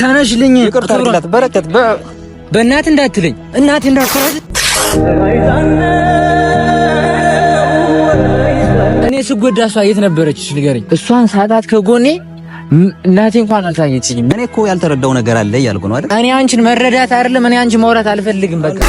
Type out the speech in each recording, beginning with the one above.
ተነሽልኝ። ይቅርታ አድርግላት። በረከት በእናት እንዳትልኝ እናት እንዳትለኝ። እኔ ስጎዳ እሷ የት ነበረች ንገረኝ። እሷን ሳጣት ከጎኔ እናቴ እንኳን አልታየችኝም። እኔ እኮ ያልተረዳው ነገር አለ እያልኩ ነው አይደል? እኔ አንቺን መረዳት አይደለም፣ እኔ አንቺን ማውራት አልፈልግም። በቃ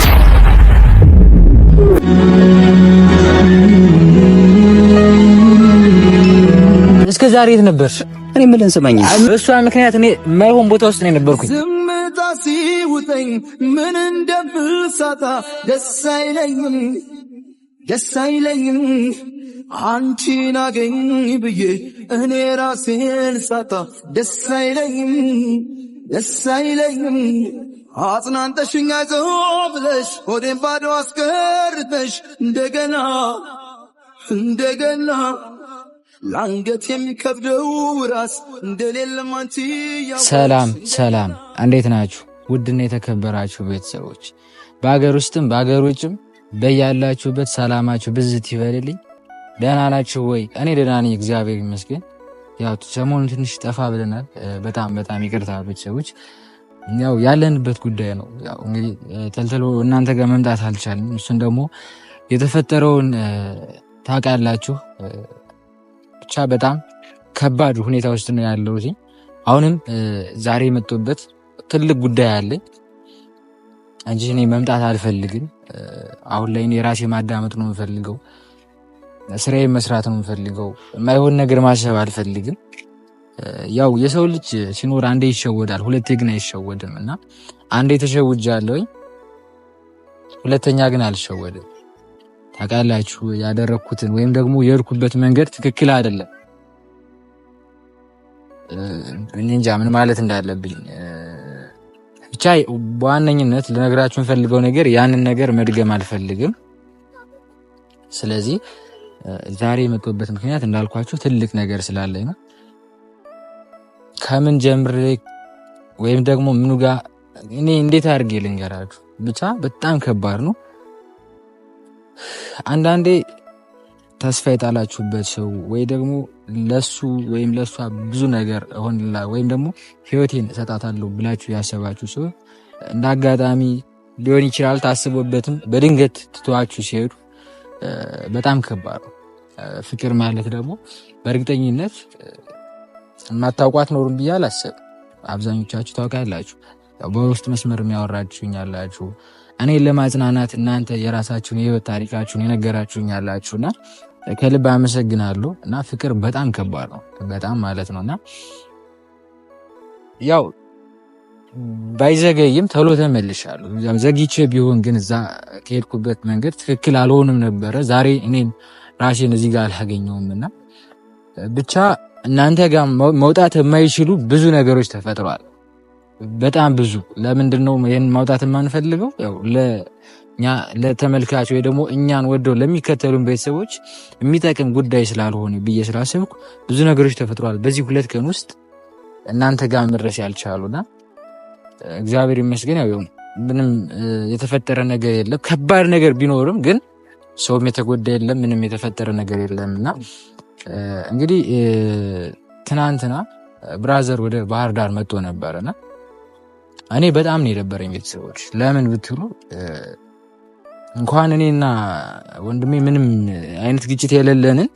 እስከ ዛሬ የት ነበርሽ? ፍቅር የምልህን ስማኝ። እሷ ምክንያት እኔ የማይሆን ቦታ ውስጥ ነው የነበርኩኝ። ዝምታ ሲውጠኝ ምን እንደምሳታ ደስ አይለኝም፣ ደስ አይለኝም አንቺን አገኝ ብዬ እኔ ራሴን ሳታ ደስ አይለኝም፣ ደስ አይለኝም አጽናንተሽኝ አይዞህ ብለሽ ሆዴን ባዶ አስቀርተሽ እንደገና እንደገና ላንገት የሚከብደው ራስ እንደሌለ ሰላም ሰላም፣ እንዴት ናችሁ? ውድና የተከበራችሁ ቤተሰቦች በአገር ውስጥም በአገር ውጭም በያላችሁበት ሰላማችሁ ብዝት ይበልልኝ። ደህና ናችሁ ወይ? እኔ ደህና ነኝ፣ እግዚአብሔር ይመስገን። ያው ሰሞኑን ትንሽ ጠፋ ብለናል። በጣም በጣም ይቅርታ ቤተሰቦች። ያው ያለንበት ጉዳይ ነው። ያው እንግዲህ ተልተሎ እናንተ ጋር መምጣት አልቻልም። እሱን ደግሞ የተፈጠረውን ታውቃላችሁ ብቻ በጣም ከባድ ሁኔታ ውስጥ ነው ያለው። አሁንም ዛሬ የመጡበት ትልቅ ጉዳይ አለኝ እንጂ እኔ መምጣት አልፈልግም። አሁን ላይ እኔ የራሴ ማዳመጥ ነው የምፈልገው፣ ስራዬ መስራት ነው የምፈልገው። የማይሆን ነገር ማሰብ አልፈልግም። ያው የሰው ልጅ ሲኖር አንዴ ይሸወዳል፣ ሁለቴ ግን አይሸወድም እና አንዴ ተሸውጃለሁኝ፣ ሁለተኛ ግን አልሸወድም። ታውቃላችሁ ያደረግኩትን ወይም ደግሞ የሄድኩበት መንገድ ትክክል አይደለም። እንጃ ምን ማለት እንዳለብኝ ብቻ በዋነኝነት ልነግራችሁ የምፈልገው ነገር ያንን ነገር መድገም አልፈልግም። ስለዚህ ዛሬ የመጣሁበት ምክንያት እንዳልኳችሁ ትልቅ ነገር ስላለኝ ነው። ከምን ጀምሬ ወይም ደግሞ ምኑ ጋር እኔ እንዴት አድርጌ ልንገራችሁ፣ ብቻ በጣም ከባድ ነው። አንዳንዴ ተስፋ የጣላችሁበት ሰው ወይ ደግሞ ለሱ ወይም ለሷ ብዙ ነገር ሆንላ ወይም ደግሞ ህይወቴን እሰጣታለሁ ብላችሁ ያሰባችሁ ሰው እንደ አጋጣሚ ሊሆን ይችላል ታስቦበትም በድንገት ትተዋችሁ ሲሄዱ በጣም ከባድ ነው። ፍቅር ማለት ደግሞ በእርግጠኝነት የማታውቋት ኖሩን ብዬ አላሰብም። አብዛኞቻችሁ ታውቃላችሁ። በውስጥ መስመር የሚያወራችሁኛላችሁ እኔ ለማጽናናት እናንተ የራሳችሁን የህይወት ታሪካችሁን የነገራችሁኝ ያላችሁና ከልብ አመሰግናለሁ። እና ፍቅር በጣም ከባድ ነው፣ በጣም ማለት ነው። እና ያው ባይዘገይም ቶሎ ተመልሻለሁ። ዘግቼ ቢሆን ግን እዛ ከሄድኩበት መንገድ ትክክል አልሆንም ነበረ። ዛሬ እኔን ራሴን እዚህ ጋር አላገኘውም እና ብቻ እናንተ ጋር መውጣት የማይችሉ ብዙ ነገሮች ተፈጥረዋል። በጣም ብዙ። ለምንድን ነው ይህን ማውጣት የማንፈልገው? ያው ለተመልካች ወይ ደግሞ እኛን ወደው ለሚከተሉን ቤተሰቦች የሚጠቅም ጉዳይ ስላልሆነ ብዬ ስላሰብኩ ብዙ ነገሮች ተፈጥሯል በዚህ ሁለት ቀን ውስጥ እናንተ ጋር መድረስ ያልቻሉና እግዚአብሔር ይመስገን ያው ምንም የተፈጠረ ነገር የለም። ከባድ ነገር ቢኖርም ግን ሰውም የተጎዳ የለም፣ ምንም የተፈጠረ ነገር የለም እና እንግዲህ ትናንትና ብራዘር ወደ ባህር ዳር መጥቶ ነበረና እኔ በጣም ነው የደበረኝ ቤተሰቦች። ለምን ብትሉ እንኳን እኔና ወንድሜ ምንም አይነት ግጭት የሌለንን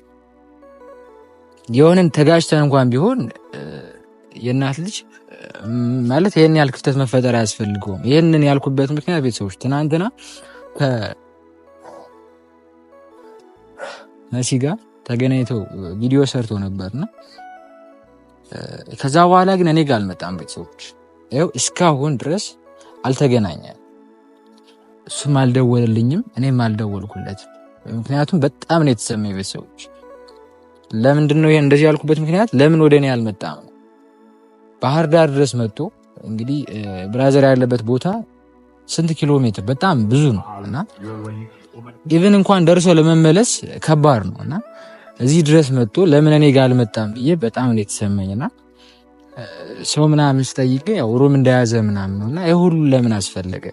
የሆንን ተጋጭተን እንኳን ቢሆን የእናት ልጅ ማለት ይህን ያህል ክፍተት መፈጠር አያስፈልገውም። ይህንን ያልኩበት ምክንያት ቤተሰቦች ትናንትና ከመሲ ጋር ተገናኝተው ቪዲዮ ሰርቶ ነበርና ከዛ በኋላ ግን እኔ ጋር አልመጣም ቤተሰቦች ይኸው እስካሁን ድረስ አልተገናኘም። እሱም አልደወልልኝም፣ እኔም አልደወልኩለት ምክንያቱም በጣም ነው የተሰማኝ። ቤተሰቦች ለምንድን ነው ይሄን እንደዚህ ያልኩበት ምክንያት ለምን ወደ እኔ አልመጣም ነው። ባህር ዳር ድረስ መጥቶ እንግዲህ ብራዘር ያለበት ቦታ ስንት ኪሎ ሜትር በጣም ብዙ ነው እና ኢቨን እንኳን ደርሶ ለመመለስ ከባድ ነው እና እዚህ ድረስ መጥቶ ለምን እኔ ጋር አልመጣም ብዬ በጣም ነው የተሰማኝና ሰው ምናምን ስጠይቅ ያው ሩም እንደያዘ ምናምን ነው እና ሁሉ ለምን አስፈለገ?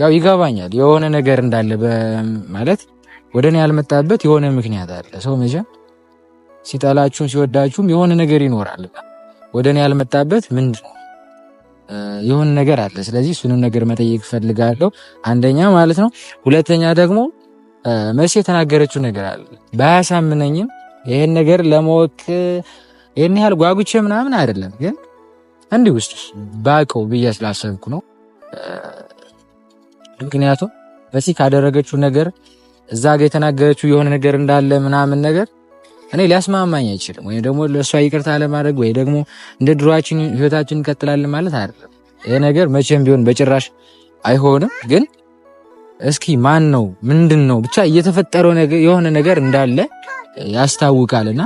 ያው ይገባኛል የሆነ ነገር እንዳለ ማለት ወደ እኔ ያልመጣበት የሆነ ምክንያት አለ። ሰው መቼም ሲጠላችሁም ሲወዳችሁም የሆነ ነገር ይኖራል። ወደ እኔ ያልመጣበት ምንድን ነው? የሆነ ነገር አለ። ስለዚህ እሱንም ነገር መጠየቅ እፈልጋለሁ። አንደኛ ማለት ነው። ሁለተኛ ደግሞ መሲ የተናገረችው ነገር አለ። ባያሳምነኝም ይህን ነገር ለማወቅ ይህን ያህል ጓጉቼ ምናምን አይደለም፣ ግን እንዲህ ውስጥ ባቀው ብዬ ስላሰብኩ ነው። ምክንያቱም በዚህ ካደረገችው ነገር እዛ ጋ የተናገረችው የሆነ ነገር እንዳለ ምናምን ነገር እኔ ሊያስማማኝ አይችልም። ወይም ደግሞ ለእሷ ይቅርታ ለማድረግ ወይ ደግሞ እንደ ድሯችን ህይወታችን እንቀጥላለን ማለት አይደለም። ይሄ ነገር መቼም ቢሆን በጭራሽ አይሆንም። ግን እስኪ ማን ነው ምንድን ነው ብቻ እየተፈጠረው የሆነ ነገር እንዳለ ያስታውቃልና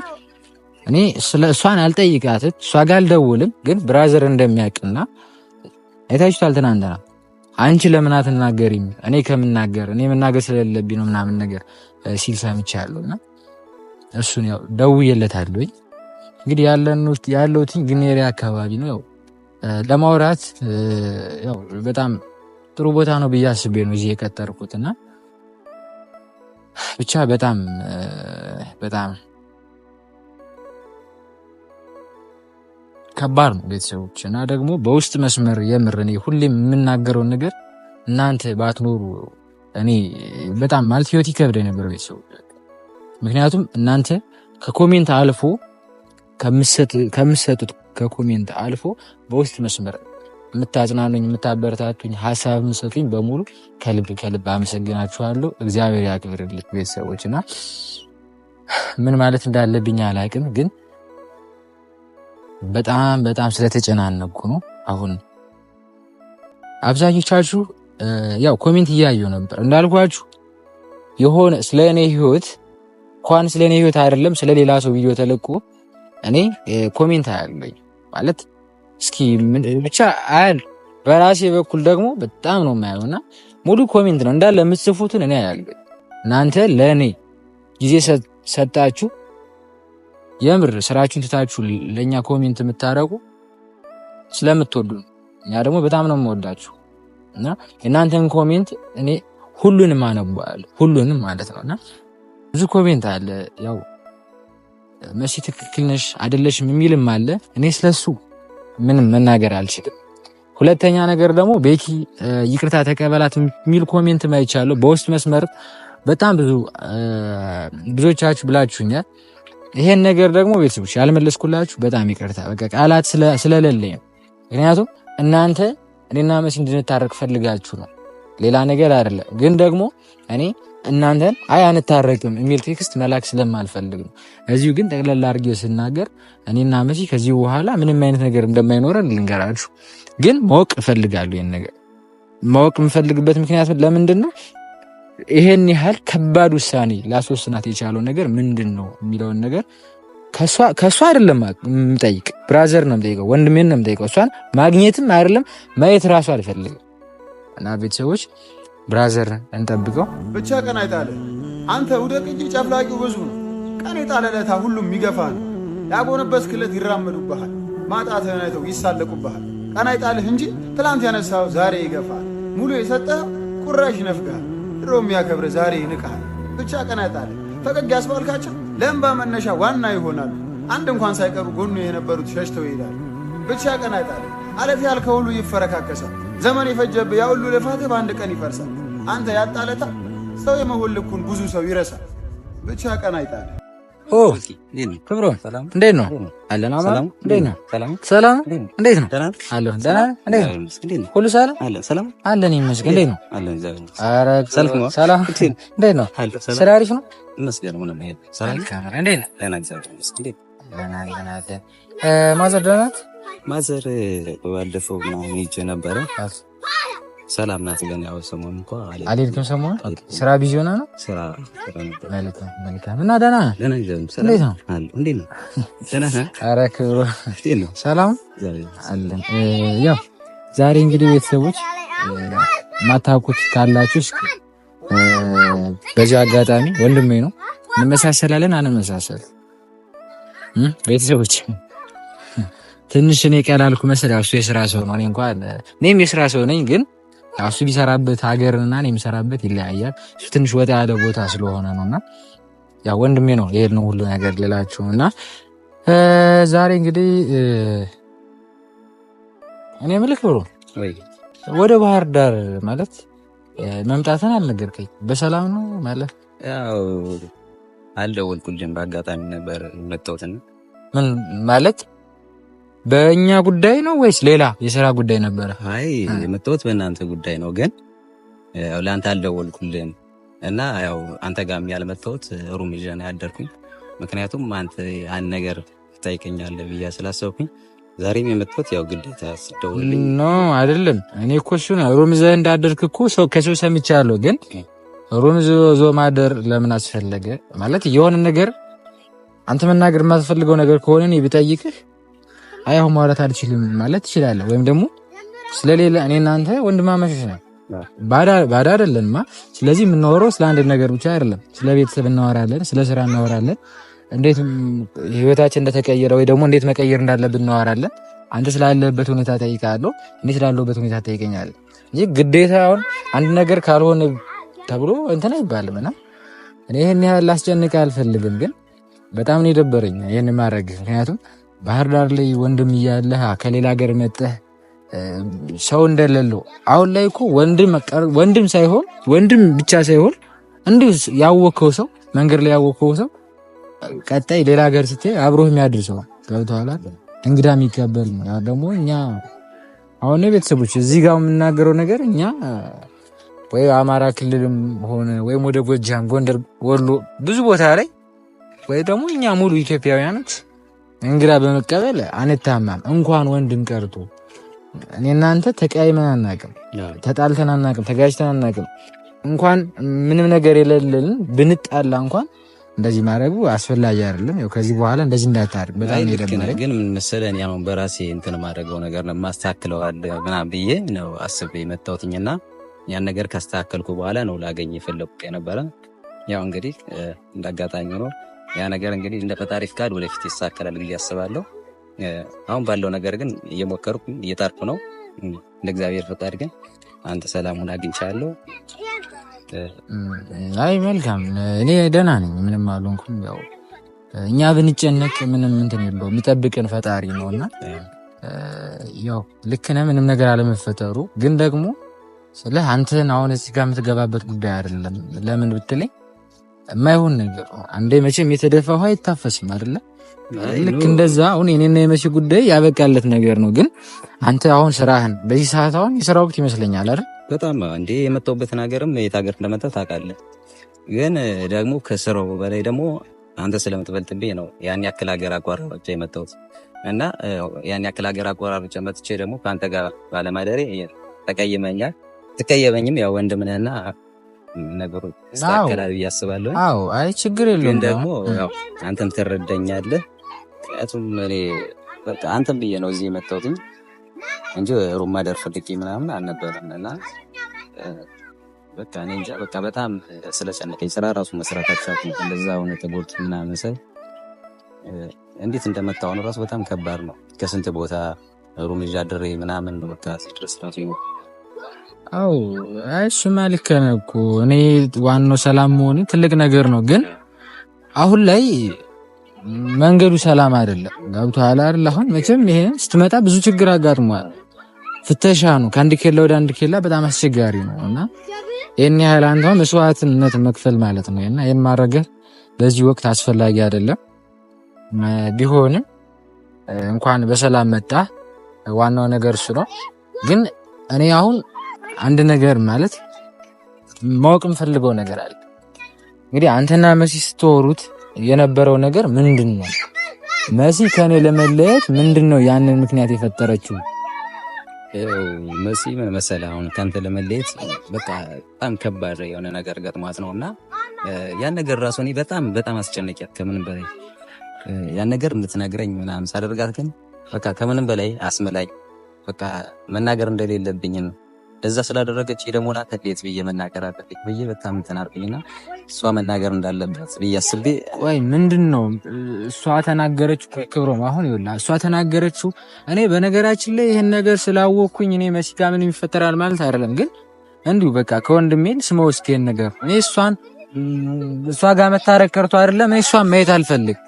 እኔ ስለ እሷን አልጠይቃትም፣ እሷ ጋር አልደውልም። ግን ብራዘር እንደሚያውቅና አይታችሁታል። ትናንትና አንቺ ለምን አትናገሪም? እኔ ከምናገር እኔ መናገር ስለሌለብኝ ነው ምናምን ነገር ሲል ሰምቻለሁ። እና እሱን ያው ደውዬለታለሁ። እንግዲህ ያለሁት ግኔሬ አካባቢ ነው። ያው ለማውራት ያው በጣም ጥሩ ቦታ ነው ብዬ አስቤ ነው እዚህ የቀጠርኩትና ብቻ በጣም በጣም ከባድ ነው ቤተሰቦች። እና ደግሞ በውስጥ መስመር የምር እኔ ሁሌም የምናገረውን ነገር እናንተ ባትኖሩ እኔ በጣም ማለት ህይወት ይከብደ ነበር ቤተሰቦች። ምክንያቱም እናንተ ከኮሜንት አልፎ ከምሰጡት ከኮሜንት አልፎ በውስጥ መስመር የምታጽናኑኝ፣ የምታበረታቱኝ፣ ሀሳብ የምሰጡኝ በሙሉ ከልብ ከልብ አመሰግናችኋለሁ። እግዚአብሔር ያክብርልት ቤተሰቦች እና ምን ማለት እንዳለብኝ አላቅም ግን በጣም በጣም ስለተጨናነኩ ነው። አሁን አብዛኞቻችሁ ያው ኮሜንት እያየሁ ነበር እንዳልኳችሁ የሆነ ስለ እኔ ህይወት እንኳን ስለ እኔ ህይወት አይደለም ስለ ሌላ ሰው ቪዲዮ ተለቆ እኔ ኮሜንት አያለኝ ማለት እስኪ ብቻ አያል በራሴ በኩል ደግሞ በጣም ነው የማየው ሙሉ ኮሜንት ነው እንዳለ የምትጽፉትን እኔ አያለኝ እናንተ ለእኔ ጊዜ ሰጣችሁ የምር ስራችሁን ትታችሁ ለእኛ ኮሜንት የምታደረጉ ስለምትወዱ እኛ ደግሞ በጣም ነው የምወዳችሁ እና የእናንተን ኮሜንት እኔ ሁሉንም አነባል ሁሉንም ማለት ነው እና ብዙ ኮሜንት አለ። ያው መሲ ትክክል ነሽ አይደለሽም የሚልም አለ። እኔ ስለሱ ምንም መናገር አልችልም። ሁለተኛ ነገር ደግሞ ቤኪ ይቅርታ ተቀበላት የሚል ኮሜንት ማይቻለሁ። በውስጥ መስመር በጣም ብዙ ብዙዎቻችሁ ብላችሁኛል። ይሄን ነገር ደግሞ ቤተሰቦች ያልመለስኩላችሁ በጣም ይቅርታ፣ በቃ ቃላት ስለሌለኝ ምክንያቱም እናንተ እኔና መሲ እንድንታረቅ ፈልጋችሁ ነው፣ ሌላ ነገር አይደለም። ግን ደግሞ እኔ እናንተን አይ አንታረቅም የሚል ቴክስት መላክ ስለማልፈልግ ነው። እዚሁ ግን ጠቅለላ አድርጌ ስናገር እኔና መሲ ከዚህ በኋላ ምንም አይነት ነገር እንደማይኖረን ልንገራችሁ፣ ግን ማወቅ እፈልጋለሁ። ይህን ነገር ማወቅ የምፈልግበት ምክንያት ለምንድን ነው? ይሄን ያህል ከባድ ውሳኔ ላስወስናት የቻለው ነገር ምንድን ነው የሚለውን ነገር ከእሷ አይደለም የምጠይቅ፣ ብራዘር ነው የምጠይቀው፣ ወንድሜን ነው የምጠይቀው። እሷን ማግኘትም አይደለም ማየት ራሱ አልፈልግም። እና ቤተሰቦች ብራዘር እንጠብቀው ብቻ። ቀን አይጣለ አንተ ውደቅ እንጂ ጨፍላቂው ብዙ ነው። ቀን የጣለለታ ሁሉም ይገፋ ነው። ያጎነበስ ክለት ይራመዱብሃል፣ ማጣትህን አይተው ይሳለቁብሃል። ቀን አይጣልህ እንጂ ትላንት ያነሳው ዛሬ ይገፋል። ሙሉ የሰጠ ቁራሽ ይነፍግሃል። ድሮ የሚያከብር ዛሬ ይንቃል። ብቻ ቀናጣል ፈቀቅ ያስባልካቸው ለእንባ መነሻ ዋና ይሆናሉ። አንድ እንኳን ሳይቀሩ ጎኑ የነበሩት ሸሽተው ይሄዳሉ። ብቻ ቀናጣል አለት ያል ሁሉ ይፈረካከሳል። ዘመን የፈጀብህ ያሁሉ ልፋትህ በአንድ ቀን ይፈርሳል። አንተ ያጣለታ ሰው የመሆን ልኩን ብዙ ሰው ይረሳል። ብቻ ቀናይጣል ክብሮ እንዴት ነው እንዴት ነው? ሰላም እንዴት ነው? ደህና ሁሉ ሰላም አለን ይመስገን። እንዴት ነው? ኧረ ሰላም እንዴት ነው? ስራ አሪፍ ነው ማዘር ደህና ናት? ማዘር ባለፈው ምናምን ነበረ ሰላም ናት። ግን ያው ሰሞን እንኳ አልሄድክም። ሰሞኑን ስራ ቢዚ ሆና ነው። ስራ መልካም እና ደህና እንዴት ነው? ኧረ ክብሮ ሰላም አለን። ያው ዛሬ እንግዲህ ቤተሰቦች ማታውቁት ካላችሁ በዚህ አጋጣሚ ወንድሜ ነው እንመሳሰላለን። አንመሳሰል ቤተሰቦች ትንሽ እኔ ቀላልኩ መሰለህ። እሱ የስራ ሰው ነው፣ እኔ እንኳን እኔም የስራ ሰው ነኝ ግን እሱ ቢሰራበት ሀገርና የሚሰራበት ይለያያል። እሱ ትንሽ ወጣ ያለ ቦታ ስለሆነ ነው እና ያው ወንድሜ ነው የሄድነው ሁሉ ነገር ልላችሁ እና ዛሬ እንግዲህ እኔ ምልክ ብሎ ወደ ባህር ዳር ማለት መምጣትን አልነገርከኝ። በሰላም ነው ማለት አልደወልኩልህም፣ በአጋጣሚ ነበር መጣሁትና ምን ማለት በእኛ ጉዳይ ነው ወይስ ሌላ የስራ ጉዳይ ነበረ? አይ የመጣሁት በእናንተ ጉዳይ ነው። ግን ያው ለአንተ አልደወልኩልህም እና ያው አንተ ጋርም ያልመጣሁት ሩም ይዤ ነው ያደርኩኝ። ምክንያቱም አንተ ያን ነገር ትጠይቀኛለህ ብዬ ስላሰብኩኝ ዛሬም የመጣሁት ያው ግዴታ ስደውልልኝ ኖ አይደለም እኔ እኮ እሱ ነው ሩም ይዘህ እንዳደርክ እኮ ከሰው ሰምቻለሁ። ግን ሩም ዞ ማደር ለምን አስፈለገ? ማለት የሆነ ነገር አንተ መናገር የማትፈልገው ነገር ከሆነ እኔ ብጠይቅህ አይ አሁን ማውራት አልችልም ማለት ትችላለህ። ወይም ደግሞ ስለሌላ እኔ እናንተ ወንድማማቾች ነን፣ ባዳ አይደለንማ። ስለዚህ የምናወራው ስለ አንድ ነገር ብቻ አይደለም። ስለ ቤተሰብ እናወራለን፣ ስለ ስራ እናወራለን፣ እንዴት ህይወታችን እንደተቀየረ ወይ ደግሞ እንዴት መቀየር እንዳለብን እናወራለን። አንተ ስላለበት ሁኔታ ጠይቃለሁ፣ እኔ ስላለበት ሁኔታ ጠይቀኛለህ። ይህ ግዴታ አሁን አንድ ነገር ካልሆነ ተብሎ እንትን አይባልም እና እኔ ይህን ያህል ላስጨንቅ አልፈልግም፣ ግን በጣም ነው የደበረኝ ይህን ማድረግ ምክንያቱም ባህር ዳር ላይ ወንድም እያለህ ከሌላ ሀገር መጠህ ሰው እንደሌለው አሁን ላይ እኮ ወንድም ሳይሆን ወንድም ብቻ ሳይሆን እንዲሁ ያወከው ሰው መንገድ ላይ ያወከው ሰው ቀጣይ ሌላ ሀገር ስት አብሮህ የሚያድርሰዋል። ሰው እንግዳ የሚቀበል ነው ደግሞ እኛ አሁን ቤተሰቦች እዚህ ጋር የምናገረው ነገር እኛ ወይ አማራ ክልልም ሆነ ወይም ወደ ጎጃም፣ ጎንደር፣ ወሎ ብዙ ቦታ ላይ ወይ ደግሞ እኛ ሙሉ ኢትዮጵያውያኖች እንግዳ በመቀበል አንታማም። እንኳን ወንድም ቀርቶ እኔ እናንተ ተቀያይመን አናቅም፣ ተጣልተን አናቅም፣ ተጋጅተን አናቅም። እንኳን ምንም ነገር የለልን ብንጣላ እንኳን እንደዚህ ማድረጉ አስፈላጊ አይደለም። ያው ከዚህ በኋላ እንደዚህ እንዳታደርግ በጣም ይደብራል። ግን ምን መሰለህ እኔ አሁን በራሴ እንትን ማድረገው ነገር ነው የማስተካክለው አለ ምናምን ብዬ ነው አስቤ የመጣሁትኝና ያን ነገር ካስተካከልኩ በኋላ ነው ላገኝ የፈለኩት የነበረ። ያው እንግዲህ እንዳጋጣሚ ነው ያ ነገር እንግዲህ እንደ ፈጣሪ ፍቃድ ወደፊት ይሳካላል ብዬ አስባለሁ። አሁን ባለው ነገር ግን እየሞከሩ እየጣርኩ ነው። እንደ እግዚአብሔር ፈቃድ ግን አንተ ሰላሙን አግኝቻለሁ። አይ መልካም፣ እኔ ደህና ነኝ፣ ምንም አልሆንኩም። ያው እኛ ብንጨነቅ ምንም እንትን የለው የሚጠብቅን ፈጣሪ ነው እና ያው ልክ ነህ፣ ምንም ነገር አለመፈጠሩ ግን ደግሞ ስለ አንተን አሁን እዚህ ጋር የምትገባበት ጉዳይ አይደለም። ለምን ብትለኝ የማይሆን ነገር አንዴ መቼም የተደፋ ውሃ አይታፈስም አይደለ? ልክ እንደዛ አሁን የኔና የመቼ ጉዳይ ያበቃለት ነገር ነው። ግን አንተ አሁን ስራህን በዚህ ሰዓት አሁን የስራ ወቅት ይመስለኛል አይደል? በጣም እንዴ የመጣሁበትን ሀገርም የት ሀገር እንደመጣ ታውቃለህ። ግን ደግሞ ከስራው በላይ ደግሞ አንተ ስለምትበልጥብኝ ነው ያን ያክል ሀገር አቋራርጬ የመጣሁት እና ያን ያክል ሀገር አቋራርጬ መጥቼ ደግሞ ከአንተ ጋር ባለማደሬ ተቀይመኛል። ትቀየመኝም ያው ወንድምንና ነገሮች ይስተካከላል ብዬ አስባለሁ። አዎ፣ አይ ችግር የለውም። ደግሞ አንተም ትረዳኛለህ። ምክንያቱም እኔ በቃ አንተም ብዬ ነው እዚህ የመጣሁትኝ እንጂ ሩም ማደር ፈልጌ ምናምን አልነበረም እና በቃ እኔ እንጃ በቃ በጣም ስለጨነቀኝ ስራ ራሱ መስራት አቻት እንደዛ ሆነ ተጎድቶ ምናምን ስል እንዴት እንደመጣሁ ነው ራሱ በጣም ከባድ ነው። ከስንት ቦታ ሩም ይዤ አድሬ ምናምን በቃ ሲድረስ ራሱ አው እሱ ልክ ነው እኮ እኔ ዋናው ሰላም መሆን ትልቅ ነገር ነው። ግን አሁን ላይ መንገዱ ሰላም አይደለም። ገብቶሃል አይደል? አሁን መቼም ይሄ ስትመጣ ብዙ ችግር አጋጥሟል። ፍተሻ ነው ከአንድ ኬላ ወደ አንድ ኬላ በጣም አስቸጋሪ ነው እና ይህን ያህል አንተ መስዋዕትነት መክፈል ማለት ነው እና የማረገ በዚህ ወቅት አስፈላጊ አይደለም። ቢሆንም እንኳን በሰላም መጣ ዋናው ነገር እሱ ነው። ግን እኔ አሁን አንድ ነገር ማለት ማወቅ የምፈልገው ነገር አለ። እንግዲህ አንተና መሲ ስትወሩት የነበረው ነገር ምንድን ነው? መሲ ከኔ ለመለየት ምንድን ነው ያንን ምክንያት የፈጠረችው? መሲ ምን መሰለህ፣ አሁን ከአንተ ለመለየት በቃ በጣም ከባድ የሆነ ነገር ገጥሟት ነው እና ያን ነገር ራሱ እኔ በጣም በጣም አስጨነቂያት ከምንም በላይ ያን ነገር እንድትነግረኝ ምናምን ሳደርጋት ግን በቃ ከምንም በላይ አስመላኝ በቃ መናገር እንደሌለብኝ ነው ለዛ ስላደረገች ደግሞ ናት እንዴት ብዬ መናገር አለብኝ ብዬ በጣም እንትን አድርገኝና እሷ መናገር እንዳለባት ብዬ አስቤ፣ ወይ ምንድን ነው እሷ ተናገረች ክብሮም። አሁን ይላ እሷ ተናገረችው። እኔ በነገራችን ላይ ይህን ነገር ስላወቅኩኝ እኔ መሲጋ ጋር ምንም ይፈጠራል ማለት አይደለም፣ ግን እንዲሁ በቃ ከወንድሜን ስመ እስኪ ይህን ነገር እኔ እሷን እሷ ጋር መታረቅ ቀርቶ አይደለም እኔ እሷን ማየት አልፈልግ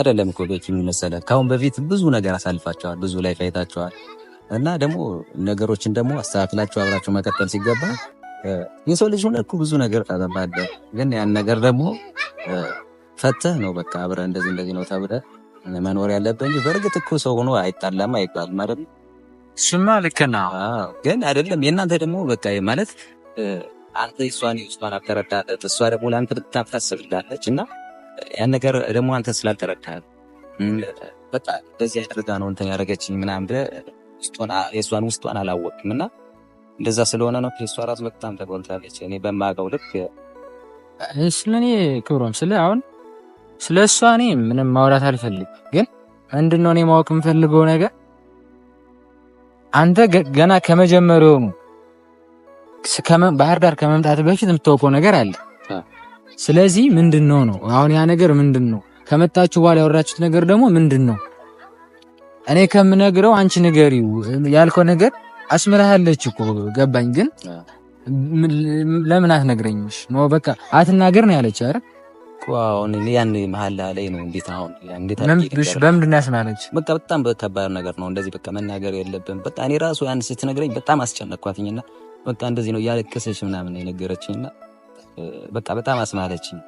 አይደለም እኮ በቂ የሚመሰለ ከአሁን በፊት ብዙ ነገር አሳልፋቸዋል፣ ብዙ ላይ ፋይታቸዋል እና ደግሞ ነገሮችን ደግሞ አስተካክላችሁ አብራችሁ መቀጠል ሲገባ የሰው ልጅ ሆነ እኮ ብዙ ነገር ታጠባለ፣ ግን ያን ነገር ደግሞ ፈተህ ነው በቃ አብረ እንደዚህ እንደዚህ ነው ተብለ መኖር ያለብህ እንጂ በእርግጥ እኮ ሰው ሆኖ አይጣላም አይባል አይደል? ስማ፣ ልክ ነው። ግን አይደለም የእናንተ ደግሞ በቃ ማለት አንተ እሷን እሷን አልተረዳት እሷ ደግሞ ለአንተ ልታፍ እና ያን ነገር ደግሞ አንተ ስላልተረዳል በቃ በዚህ አድርጋ ነው እንትን ያደረገችኝ ምናምን ብለህ የእሷን ውስጧን አላወቅም እና እንደዛ ስለሆነ ነው እሷ ራሱ በጣም ተጎልታለች። እኔ በማውቀው ልክ ስለ እኔ ክብሮም ስለ አሁን ስለ እሷ እኔ ምንም ማውራት አልፈልግ፣ ግን ምንድነው እኔ ማወቅ የምፈልገው ነገር አንተ ገና ከመጀመሪያውኑ ባህር ዳር ከመምጣት በፊት የምታወቀው ነገር አለ። ስለዚህ ምንድን ነው ነው አሁን ያ ነገር ምንድን ነው? ከመጣችሁ በኋላ ያወራችሁት ነገር ደግሞ ምንድን ነው? እኔ ከምነግረው አንቺ ንገሪው ያልከው ነገር አስምረሃለች እኮ ገባኝ። ግን ለምን አትነግረኝሽ ነው? በቃ አትናገር ነው ያለች። አረ አሁን ያን መሀል ላይ ነው። እንዴት አሁን እንዴት በምንድን ያስማለች? በቃ በጣም ከባድ ነገር ነው። እንደዚህ በቃ መናገር የለብን። በቃ እኔ ራሱ አንድ ስትነግረኝ በጣም አስጨነቅኳትኝና በቃ እንደዚህ ነው ያለቀሰች ምናምን የነገረችኝና በቃ በጣም አስማለችኝ።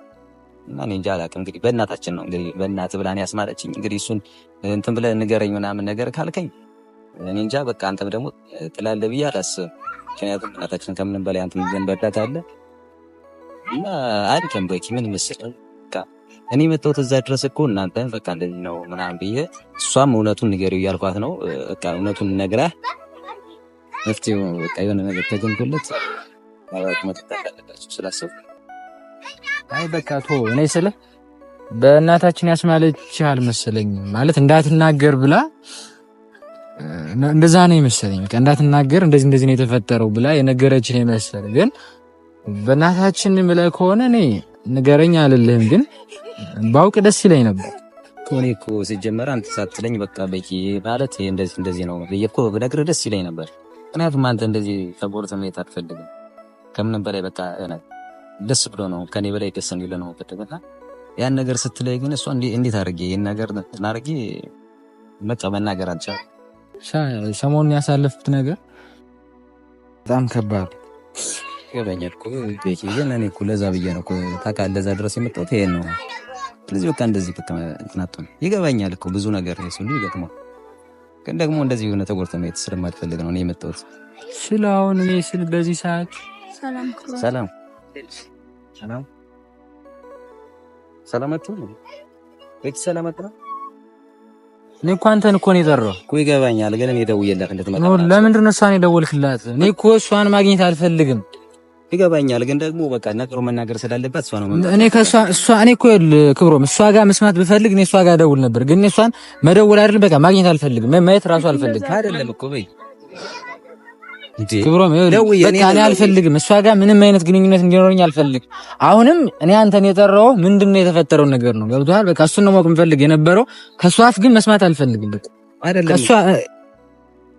እና እኔ እንጃ አላውቅም። እንግዲህ በእናታችን ነው እንግዲህ በእናት ብላን ያስማለችኝ። እንግዲህ እሱን እንትን ብለህ ንገረኝ ምናምን ነገር ካልከኝ እኔ እንጃ በቃ አንተም ደግሞ ጥላለህ ብዬ አላስብም። ምክንያቱም እናታችን ከምንም በላይ አንተም ዘንበዳት አለ እና አድከም በኪ ምን ምስል እኔ መጣሁት እዛ ድረስ እኮ እናንተ በቃ እንደዚህ ነው ምናምን ብዬ እሷም እውነቱን ንገሪው እያልኳት ነው። በቃ እውነቱን ነግራ መፍትሄው በቃ የሆነ ነገር ተገንቶለት ማለት መጠጣት አለባቸው ስላሰብኩ አይ በቃ ቶ እኔ ስለ በእናታችን ያስማለች አልመሰለኝ ማለት እንዳትናገር ብላ እንደዛ ነው የመሰለኝ። በቃ እንዳትናገር እንደዚህ እንደዚህ ነው የተፈጠረው ብላ የነገረችን የመሰለ ግን በእናታችን ምለ ከሆነ እኔ ንገረኝ አልልህም፣ ግን ባውቅ ደስ ይለኝ ነበር። እኔ እኮ ሲጀመር አንተ ሳትለኝ በቃ በቂ ማለት እንደዚህ እንደዚህ ነው ብዬ እኮ ብነግርህ ደስ ይለኝ ነበር። ምክንያቱም አንተ እንደዚህ ተጎርተህ መሄድ አትፈልግም ከምንም በላይ በቃ ደስ ብሎ ነው ከኔ በላይ ደስ እንዲለ ነው ቅድምና ያን ነገር ስትለይ ግን እሷ እንዴት አድርጌ ይህን ነገር ናርጌ መጣ መናገር አልቻል። ሰሞኑን ያሳለፍኩት ነገር በጣም ከባድ ይገበኛል። ግን እኔ ለዛ ብዬ ነው ታካ ለዛ ድረስ የመጣሁት ይሄን ነው። ስለዚህ በቃ እንደዚህ ትናጡ ይገባኛል እኮ ብዙ ነገር ሲሉ ይገጥማል። ግን ደግሞ እንደዚህ የሆነ ተጎድተ ማየት ስለማልፈልግ ነው እኔ የመጣሁት ስለ አሁን እኔ ስል በዚህ ሰዓት ሰላም ሰላም ሰላማችሁ ነው። ቤት ሰላም ነው። እኔ እኮ አንተን እኮ ነው የጠራው እኮ ይገባኛል። ግን እኔ ደውዬላት እንድትመጣ ለምንድን ነው እሷን የደወልክላት? እኔ እኮ እሷን ማግኘት አልፈልግም። ይገባኛል። ግን ደግሞ በቃ ነገሩ መናገር ስላለባት እሷ ነው እኔ ከእሷ እሷ እኔ እኮ ክብሮም እሷ ጋር መስማት ብፈልግ እኔ እሷ ጋር ደውል ነበር። ግን እሷን መደወል አይደለም በቃ ማግኘት አልፈልግም። ማየት ራሱ አልፈልግም። አይደለም እኮ በይ እኔ አልፈልግም። እሷ ጋር ምንም አይነት ግንኙነት እንዲኖረኝ አልፈልግም። አሁንም እኔ አንተን የጠራው ምንድነው የተፈጠረው ነገር ነው። ገብቶሃል? በቃ እሱን ነው ማወቅ የምፈልግ የነበረው። ከእሷ አፍ ግን መስማት አልፈልግም። በቃ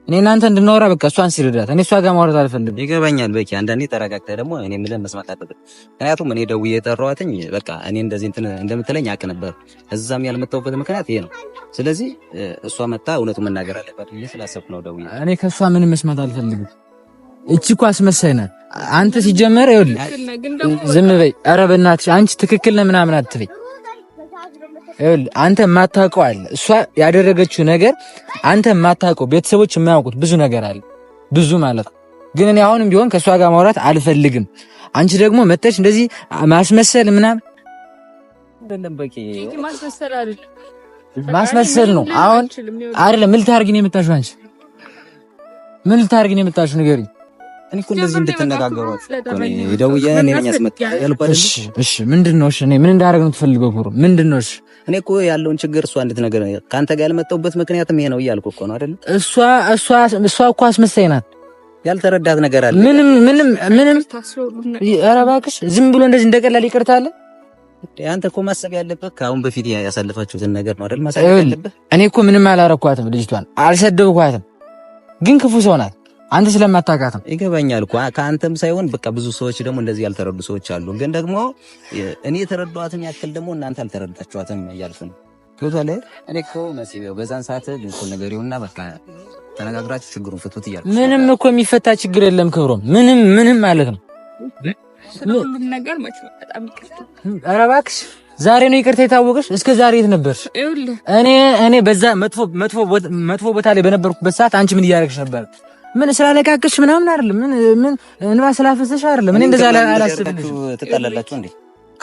እኔ እናንተ እንድናወራ በቃ እሷን ሲረዳት እኔ እሷ ጋር ማውራት አልፈልግም። ይገባኛል። በቂ አንዳንዴ ተረጋግተህ ደግሞ እኔ የምልህን መስማት አለብህ። ምክንያቱም እኔ ደውዬ የጠራኋትኝ በቃ እኔ እንደዚህ እንትን እንደምትለኝ አውቅ ነበር። እዛም ያልመጣሁበት ምክንያት ይሄ ነው። ስለዚህ እሷ መታ እውነቱን መናገር አለባት ስላሰብኩ ነው ደውዬ። እኔ ከእሷ ምንም መስማት አልፈልግም። እቺ እኮ አስመሳይ ናት። አንተ ሲጀመር ይኸውልህ፣ ዝም በይ። ኧረ በእናትሽ አንቺ ትክክል ነህ ምናምን አትበይ። ይኸውልህ አንተ የማታውቀው አለ፣ እሷ ያደረገችው ነገር አንተ የማታውቀው ቤተሰቦች የማያውቁት ብዙ ነገር አለ፣ ብዙ ማለት ነው። ግን እኔ አሁንም ቢሆን ከእሷ ጋር ማውራት አልፈልግም። አንቺ ደግሞ መጠች እንደዚህ ማስመሰል ምናምን ማስመሰል ነው። አሁን አይደለም ምን ልታርጊ ነው የመጣሽው? አንቺ ምን ልታርጊ ነው የመጣሽው? ንገሪኝ እኔ እኮ እንደዚህ እንድትነጋገሯችሁ ደውዬ እኔ ነኝ ያስመጣሁት ያልኩህ አይደል? እሺ ምንድን ነው? እሺ እኔ ምን እንዳደረግ ነው የምትፈልገው? ኩሩ ምንድን ነው? እሺ እኔ እኮ ያለውን ችግር እሷ እንድትነግር ከአንተ ጋር ያልመጣሁበት ምክንያትም ይሄ ነው እያልኩህ እኮ ነው አይደል? እሷ እሷ እሷ እኮ አስመሳይ ናት። ያልተረዳት ነገር አለ። ምንም ምንም ምንም። ኧረ እባክሽ ዝም ብሎ እንደዚህ እንደቀላል ይቅርታ አለ። አንተ እኮ ማሰብ ያለበት ከአሁን በፊት ያሳለፋችሁትን ነገር ነው አይደል? ማሰብ ያለበት። እኔ እኮ ምንም አላረኳትም፣ ልጅቷን አልሰደብኳትም፣ ግን ክፉ ሰው ናት። አንተ ስለማታውቃት ነው። ይገባኛል እኮ ከአንተም ሳይሆን በቃ ብዙ ሰዎች ደግሞ እንደዚህ ያልተረዱ ሰዎች አሉ። ግን ደግሞ እኔ የተረዷትን ያክል ደግሞ እናንተ አልተረዳችኋትም እያልኩ ነው። ቶታለ እኔ እኮ መሲቤው በዛን ሰዓት ልኩል ነገር ይሁንና በቃ ተነጋግራችሁ ችግሩን ፍቱት እያልኩ ምንም እኮ የሚፈታ ችግር የለም። ክብሮም ምንም ምንም ማለት ነው። ነገር ኧረ እባክሽ ዛሬ ነው ይቅርታ የታወቀሽ። እስከ ዛሬ የት ነበርሽ? እኔ እኔ በዛ መጥፎ መጥፎ ቦታ ላይ በነበርኩበት ሰዓት አንቺ ምን እያደረግሽ ነበር? ምን ስላለቃቅሽ ምናምን አይደለም። ምን ምን እንባ ስላፈሰሽ አይደለም። እኔ እንደዛ አላስብልሽ። ትጣላላችሁ እንዴ?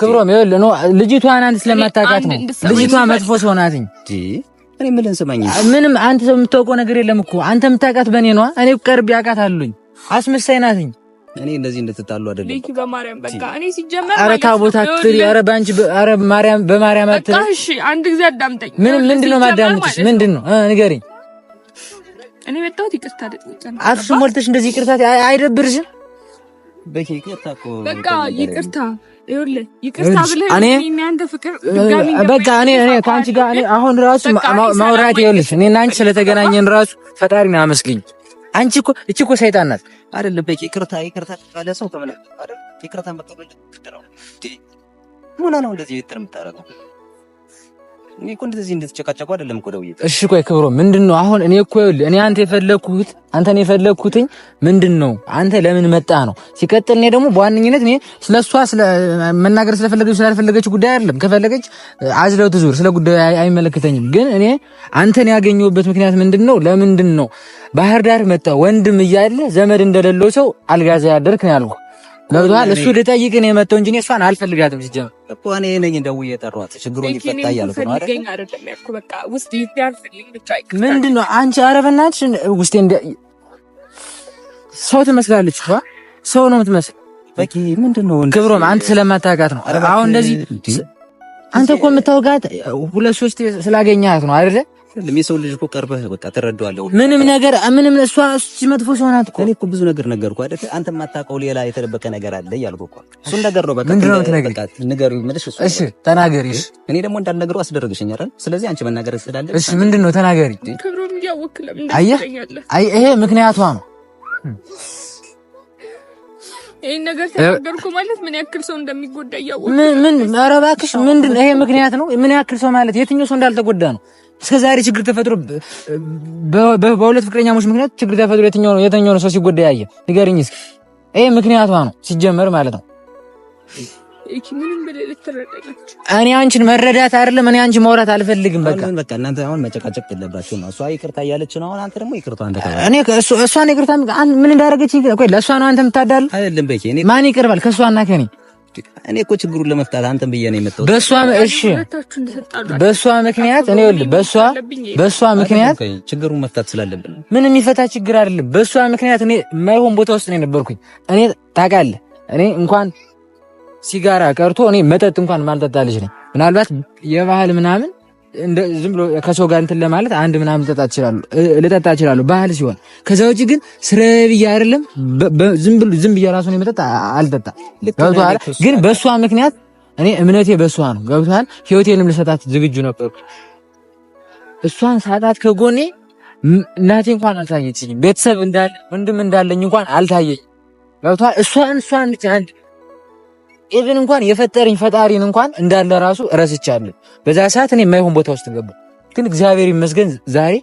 ክብሮም ይኸውልህ ነው ልጅቷን አንተ ስለማታውቃት ነው። ልጅቷ መጥፎ ሰው ናት እንጂ እኔ ምን ስማኝ፣ ምንም አንተ የምታውቀው ነገር የለም እኮ አንተ የምታውቃት በእኔ ነዋ። እኔ ቅርብ ያውቃት አሉኝ። አስመሳይ ናት እኔ እንደዚህ እንድትጣሉ አይደለም። ልክ በማርያም በቃ እኔ ሲጀመር ኧረ ታቦት አትሪ፣ አረ ባንቺ፣ አረ ማርያም በማርያም አትሪ። እሺ አንድ ጊዜ አዳምጠኝ። ምን ምንድን ነው ማዳምጥሽ? ምንድን ነው ንገሪኝ እኔ መጣሁት ይቅርታ አፍሽ ሞልተሽ እንደዚህ ይቅርታ አይደብርሽም? በቃ ይቅርታ ይኸውልህ፣ ይቅርታ ብለህ እኔ አንተ ፍቅር በቃ እኔ እኔ ከአንቺ ጋር እኔ አሁን ራሱ ማውራት ይኸውልሽ፣ እኔ እና አንቺ ስለተገናኘን ራሱ ፈጣሪ ነው አመስግኝ። አንቺ እኮ እቺ እኮ ሰይጣን ናት አይደል? በቂ ይቅርታ ይቅርታ ካለ ሰው ተመለከተ አይደል? ይቅርታ መጣሁ ነው ምን ነው እንደዚህ የምታደርገው እኔ እኮ እንደዚህ እንደተጨቃጨቁ አይደለም እኮ ደውዬ። እሺ ቆይ ክብሮ ምንድን ነው አሁን? እኔ እኮ ይኸውልህ፣ እኔ አንተ የፈለግኩት አንተን የፈለግኩትኝ ምንድን ነው አንተ ለምን መጣ ነው። ሲቀጥል እኔ ደግሞ በዋነኝነት እኔ ስለ እሷ መናገር ስለፈለገች ስላልፈለገች ጉዳይ አይደለም። ከፈለገች አዝለው ትዙር፣ ስለ ጉዳዩ አይመለከተኝም። ግን እኔ አንተን ያገኘሁበት ምክንያት ምንድን ነው? ለምንድን ነው ባህር ዳር መጣ ወንድም እያለ ዘመድ እንደሌለው ሰው አልጋ ያደርክ ነው ያልኩህ ገብቶሃል? እሱ ልጠይቅ ነው የመጣው እንጂ እሷን አልፈልጋትም። ሲጀምር እኮ እኔ ነኝ እንደው የጠሯት ችግሩን ይፈታ እያልኩ ነው አይደል? ምንድን ነው አንቺ? ኧረ በእናትሽ ውስጤ እንደ ሰው ትመስላለች። እሷ ሰው ነው የምትመስል። ምንድን ነው ክብሮም፣ አንተ ስለማታውቃት ነው አሁን እንደዚህ። አንተ እኮ የምታውቃት ሁለት ሶስት ስላገኘሃት ነው አይደለ? የሰው ልጅ እኮ ቀርበህ በቃ ተረዳዋለሁ። ምንም ነገር ምንም እሷ መጥፎ ሰው ናት እኮ። እኔ እኮ ብዙ ነገር ነገርኩ አይደል? አንተ የማታውቀው ሌላ የተደበቀ ነገር አለ እያልኩ እኮ እሱ ነገር ነው። በቃ እሱ። እሺ ተናገሪ። እሺ እኔ ደግሞ እንዳልነግረው አስደረግሽኝ አይደል? ስለዚህ አንቺ መናገር ስላለብሽ እሺ፣ ምንድን ነው ተናገሪ። አየህ፣ ይሄ ምክንያቷ ነው። ይህን ነገር ተናገርኩ ማለት ምን ያክል ሰው እንደሚጎዳ እያወቅህ ምን ኧረ እባክሽ፣ ምንድን ይሄ ምክንያት ነው። ምን ያክል ሰው ማለት የትኛው ሰው እንዳልተጎዳ ነው እስከ ዛሬ ችግር ተፈጥሮ በሁለት ፍቅረኛሞች ምክንያት ችግር ተፈጥሮ የትኛው ነው የትኛው ነው ሰው ሲጎዳ ያየ ንገሪኝ እስኪ። ይህ ምክንያቷ ነው ሲጀመር ማለት ነው። እኔ አንቺን መረዳት አይደለም፣ እኔ አንቺ ማውራት አልፈልግም። በቃ በቃ እናንተ አሁን መጨቃጨቅ የለባችሁ ነው። እሷ ይቅርታ እያለች ነው አሁን፣ አንተ ደግሞ ይቅርታ አንተ እኔ እሷን ይቅርታ ምን እንዳደረገች ለእሷ ነው አንተ የምታዳል አይደለም። በቂ ማን ይቅርባል ከእሷና ከኔ እኔ እኮ ችግሩን ለመፍታት አንተን ብዬ ነው የመጣሁት። በሷ እሺ፣ በሷ ምክንያት እኔ ወል በሷ በሷ ምክንያት ችግሩን መፍታት ስላለብን ምን የሚፈታ ችግር አይደለም። በሷ ምክንያት እኔ የማይሆን ቦታ ውስጥ ነው የነበርኩኝ። እኔ ታውቃለህ፣ እኔ እንኳን ሲጋራ ቀርቶ እኔ መጠጥ እንኳን ማልጠጣ ልጅ ነኝ። ምናልባት የባህል ምናምን ዝም ብሎ ከሰው ጋር እንትን ለማለት አንድ ምናምን ልጠጣ እችላለሁ ልጠጣ እችላለሁ ባህል ሲሆን፣ ከዛ ውጭ ግን ስራዬ ብዬ አይደለም ዝም ብሎ ዝም ብዬ ራሱን የመጠጥ አልጠጣ። ገብቶሃል? ግን በእሷ ምክንያት እኔ እምነቴ በእሷ ነው። ገብቶሃል? ህይወቴንም ልሰጣት ዝግጁ ነበርኩ። እሷን ሳጣት ከጎኔ እናቴ እንኳን አልታየችኝም። ቤተሰብ እንዳለ ወንድም እንዳለኝ እንኳን አልታየኝም። ገብቶሃል? እሷን እሷን አንድ ኢቭን እንኳን የፈጠረኝ ፈጣሪን እንኳን እንዳለ ራሱ ረስቻለሁ። በዛ ሰዓት እኔ የማይሆን ቦታ ውስጥ ገባ። ግን እግዚአብሔር ይመስገን ዛሬ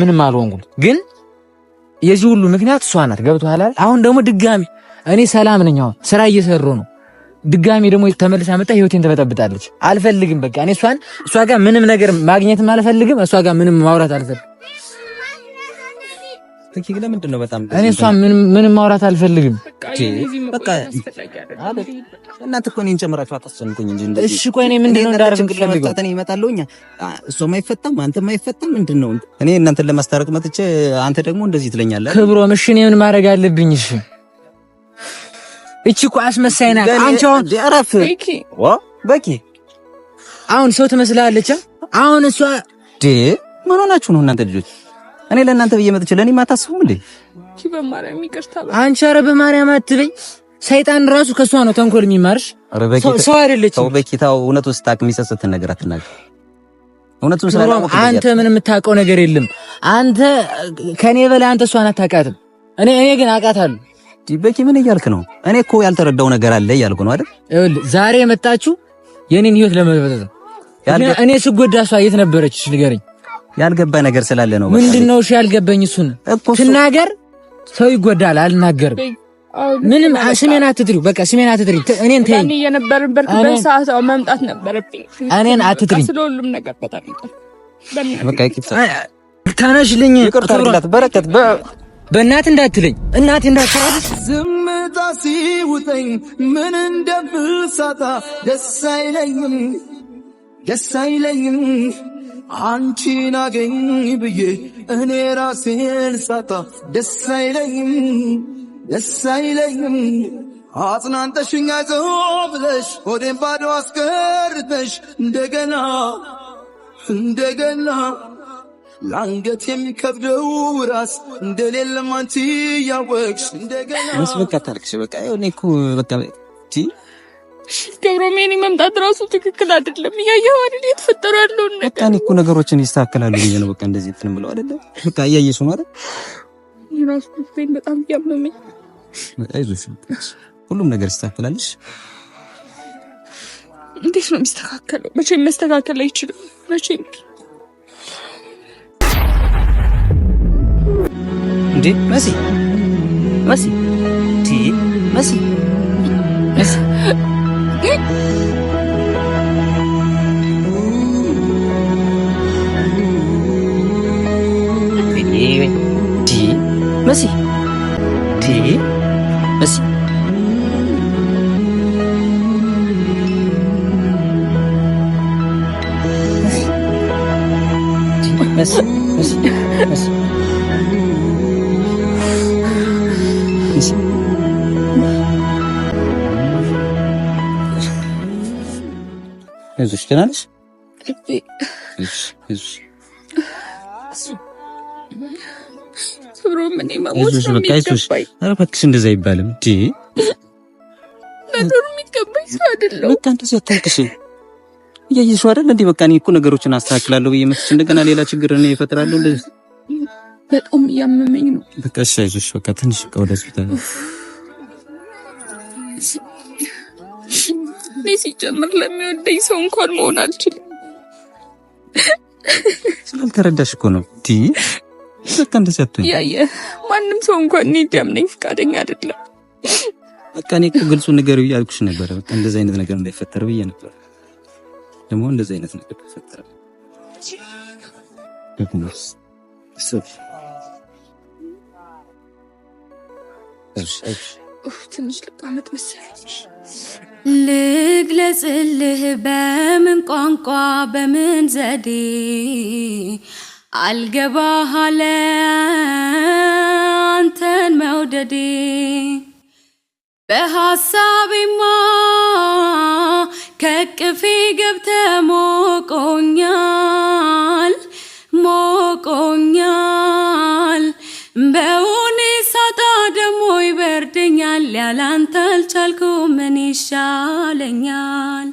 ምንም አልሆንኩም። ግን የዚህ ሁሉ ምክንያት እሷ ናት። ገብቶሃል? አሁን ደግሞ ድጋሚ እኔ ሰላም ነኝ። አሁን ስራ እየሰሩ ነው። ድጋሚ ደግሞ ተመልሳ መጣ ህይወቴን ትበጠብጣለች። አልፈልግም። በቃ እኔ እሷን እሷ ጋር ምንም ነገር ማግኘትም አልፈልግም። እሷ ጋር ምንም ማውራት አልፈልግም። ፍኪ ለምንድን ነው በጣም እኔ እሷ ምንም ማውራት አልፈልግም። በቃ እናንተ እኮ እኔን ጨምራችሁ አታስጨንቁኝ እንጂ እሺ። ቆይ እኔ ምንድን ነው እንዳደርግ የምትፈልገው? እኔ እመጣለሁ እሷም አይፈታም አንተም አይፈታም። ምንድን ነው እኔ እናንተን ለማስታረቅ መጥቼ አንተ ደግሞ እንደዚህ ትለኛለህ። ክብሮም እሺ፣ እኔ ምን ማድረግ አለብኝ? እሺ፣ እቺ እኮ አስመሳይ ናት። አንቺ አሁን እረፍ በቂ። አሁን ሰው ትመስላለች። አሁን እሷ ምን ሆናችሁ ነው እናንተ ልጆች? እኔ ለእናንተ ብዬ መጥቼ ለእኔ አታስቡም እንዴ? በማርያም ይቅርታ አንቺ። አረ በማርያም አትበኝ። ሰይጣን ራሱ ከእሷ ነው ተንኮል የሚማርሽ። ሰው አይደለችም። ሰው በጌታው እውነቱን ስታውቅ የሚጸጽትን ነገር አትናገር። እውነቱን ስላላወቅ አንተ ምን የምታውቀው ነገር የለም። አንተ ከኔ በላይ አንተ እሷን አታውቃትም። እኔ እኔ ግን አውቃታለሁ። ዲበኪ ምን እያልክ ነው? እኔ እኮ ያልተረዳው ነገር አለ እያልኩ ነው አይደል? ዛሬ የመጣችሁ የኔን ህይወት ለመበጠጥ ነው። እኔ ስጎዳ እሷ የት ነበረች ንገረኝ። ያልገባ ነገር ስላለ ነው። ምንድነው? እሺ ያልገባኝ እሱን ትናገር። ሰው ይጎዳል። አልናገርም። ምንም ስሜን አትጥሪው። በቃ ስሜን አትጥሪው። እኔን ተይኝ። የነበርንበት በሰዓት መምጣት ነበረብኝ። እኔን አትጥሪኝ። ስለሁሉም ነገር በጣም በቃ ይቅርታ፣ ተነሽልኝ። በረከት በእናት እንዳትለኝ እናት እንዳትለኝ። ዝምታ ሲውጠኝ ምን እንደምሳታ ደስ አይለኝም፣ ደስ አይለኝም አንቺን አገኝ ብዬ እኔ ራሴን ሳጣ ደስ አይለኝም ደስ አይለኝም። አጽናንተሽኛ ዘሆ ብለሽ ሆዴን ባዶ አስቀርተሽ እንደገና እንደገና ለአንገት የሚከብደው ራስ እንደሌለም አንቺ ያወቅሽ እንደገና በቃ ታልቅሽ በቃ እኔ በቃ ከሮሜኒ መምጣት ራሱ ትክክል አይደለም። እያየሁ አይደል የተፈጠረ ያለውን ነገር በቃ እኔ እኮ ነገሮችን ይስተካከላሉ ብዬ ነው በቃ እንደዚህ እንትን ብለው አይደለም በቃ እያየሽ ነው አይደል ራሱ በጣም እያመመኝ አይዞሽ፣ ሁሉም ነገር ይስተካከላልሽ። እንዴት ነው የሚስተካከለው? መቼም መስተካከል አይችልም። መቼም እንዴ መሲ መሲ መሲ መሲ 你？你？没死？你？没死？没死？你？没死？没 አይዞሽ፣ ደህና ነሽ? እባክሽ እንደዛ አይባልም። ነገሩ የሚገባኝ በቃ እያየሽው አይደል እንዴ? በቃ እኔ እኮ ነገሮችን አስተካክላለሁ ብዬ መጥቼ እንደገና ሌላ ችግር እኔ እፈጥራለሁ። በጣም እያመመኝ ነው። በቃ እሺ፣ አይዞሽ። በቃ ትንሽ ወደ ሆስፒታል እኔ ሲጀምር ለሚወደኝ ሰው እንኳን መሆን አልችልም። ስላልተረዳሽ እኮ ነው ቲ በቃ እንደሰጠኝ ያየ ማንም ሰው እንኳን እኔ እንዲያምነኝ ፈቃደኛ አይደለም። በቃ እኔ እኮ ግልጹ ነገር ብዬ አልኩሽ ነበረ። በቃ እንደዚህ አይነት ነገር እንዳይፈጠር ብዬ ነበር። ደግሞ እንደዚህ አይነት ነገር ተፈጠረ። ትንሽ ልቃመጥ መሰለኝ ልግለጽልህ በምን ቋንቋ በምን ዘዴ አልገባሃለ አንተን መውደዴ በሐሳቤማ ከቅፌ ገብተ ሞቆኛል ሞቆኛል በው ይከብደኛል ያላንተ አልቻልኩም ምን ይሻለኛል